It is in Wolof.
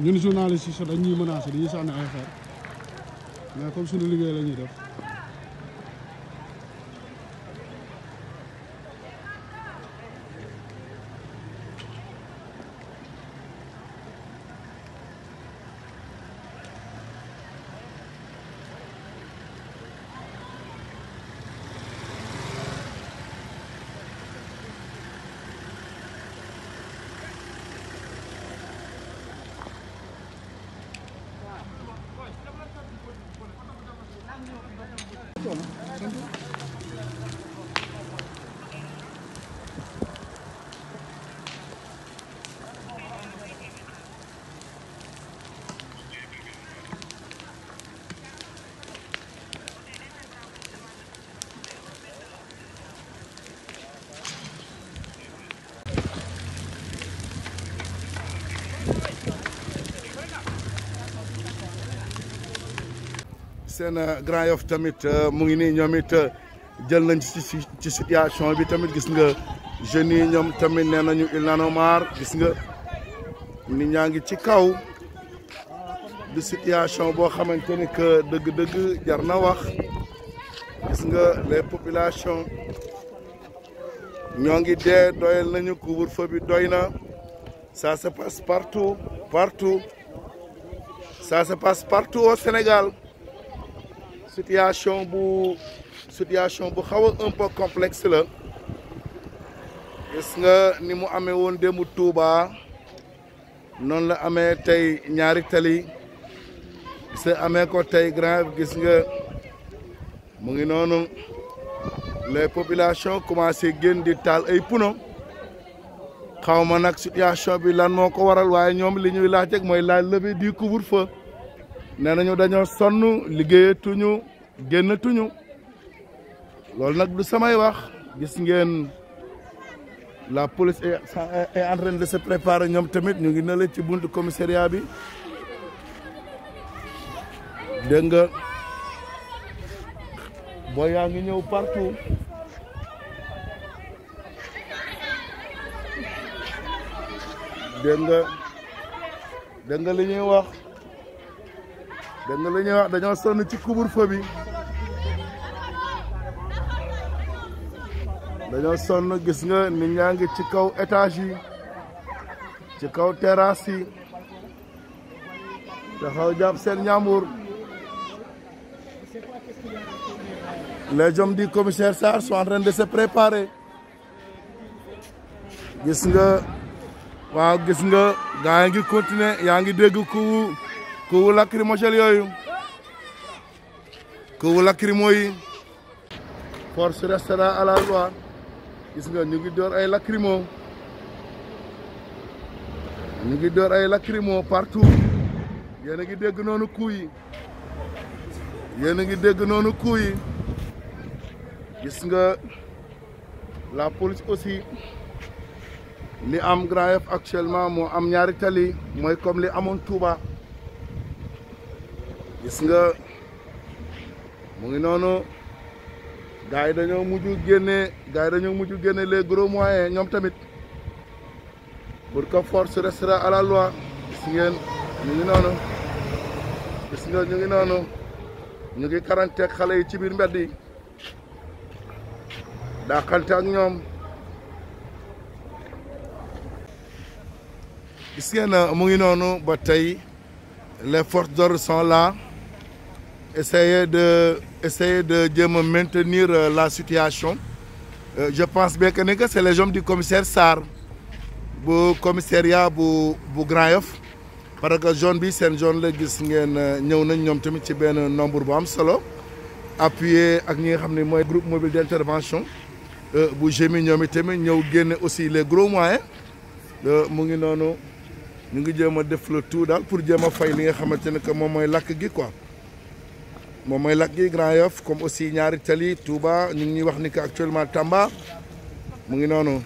ñun journalistes yi sax dañ ñuy menacé dañuy sànni ay xeer mais comme suñu liggéey la ñuy def Thank you. seen euh, Grand Yoff tamit euh, mu ngi nii ñoomit euh, jël nañ ci ci situation bi tamit gis nga jeunes yi ñoom tamit nee nañu il n'en a gis nga nit ñaa ngi ci kaw du situation boo xamante ni que dëgg-dëgg jar na wax gis nga les populations ñoo ngi dee doyal nañu couvre-feu bi doy na ça se passe partout partout partout au Sénégal situation bu situation bu xaw a un peu la gis nga ni mu amee woon mu Touba noonu la amee tey ñaari tali gis nga amee ko tey grave gis nga mu ngi noonu les populations commencé génn di taal ay puno xaw ma nag situation bi lan moo ko waral waaye ñoom li ñuy laaj rek mooy la levée du couvre-feu nee nañu dañoo sonn liggéeyatuñu génnatuñu loolu nak du samay wax gis ngeen la police est en train de se préparer ñom tamit ñu ngi nale ci buntu commissariat bi dégg nga boo ngi ñew partout nga li ñuy wax dégg nga lu ñuy wax dañoo ci couvre-feu bi dañoo sonn gis nga nit ngi ci kaw étage ci kaw terrasse yi taxaw jàpp seen ñaamur les hommes du commissaire Sarr sont en se préparer gis nga waaw gis nga gaa ngi continuer yaa ngi dégg ku kuwu lacrymogène yooyu kuwu lacrymo yi force restera à la loi gis nga ñu ngi door ay lacrymo ñu ngi door ay lacrymo partout yéen a ngi dégg noonu kuu yi yéen a ngi dégg noonu kuu yi gis nga la police aussi li am Grand Yoff actuellement moo am ñaari tali mooy comme li amoon Touba gis nga mu ngi noonu gars dañoo mujj génne gars dañoo mujj génne les gros ñoom tamit pour que force restera à la loi gis ñu ngi noonu gis ñu ngi noonu ñu ngi karanteeg xale yi ci biir mbedd yi daaxante ñoom gis ngeen mu ngi noonu ba tey les forces d'ordre sont là essayer de essayer de jéem maintenir euh, la situation euh, je pense bien que c'est les hommes du commissaire sar bu commissariat bu bu Grand Yoff parce que zone bi seen zone la gis ngeen euh, ñëw nañ ñoom tamit ci benn nombre bu am solo appuyé ak ñi nga xam ne groupe mobile d'intervention bu GMI ñoom itamit ñëw génne aussi les gros moyens mu ngi noonu ñu ngi jéem def le tout daal pour jéem a fay li nga xamante ne que moom mooy lakk gi quoi. moom mooy lak gi Grand Yoff comme aussi ñaari tali Touba ñu ngi ñuy wax ni que actuellement Tamba mu ngi noonu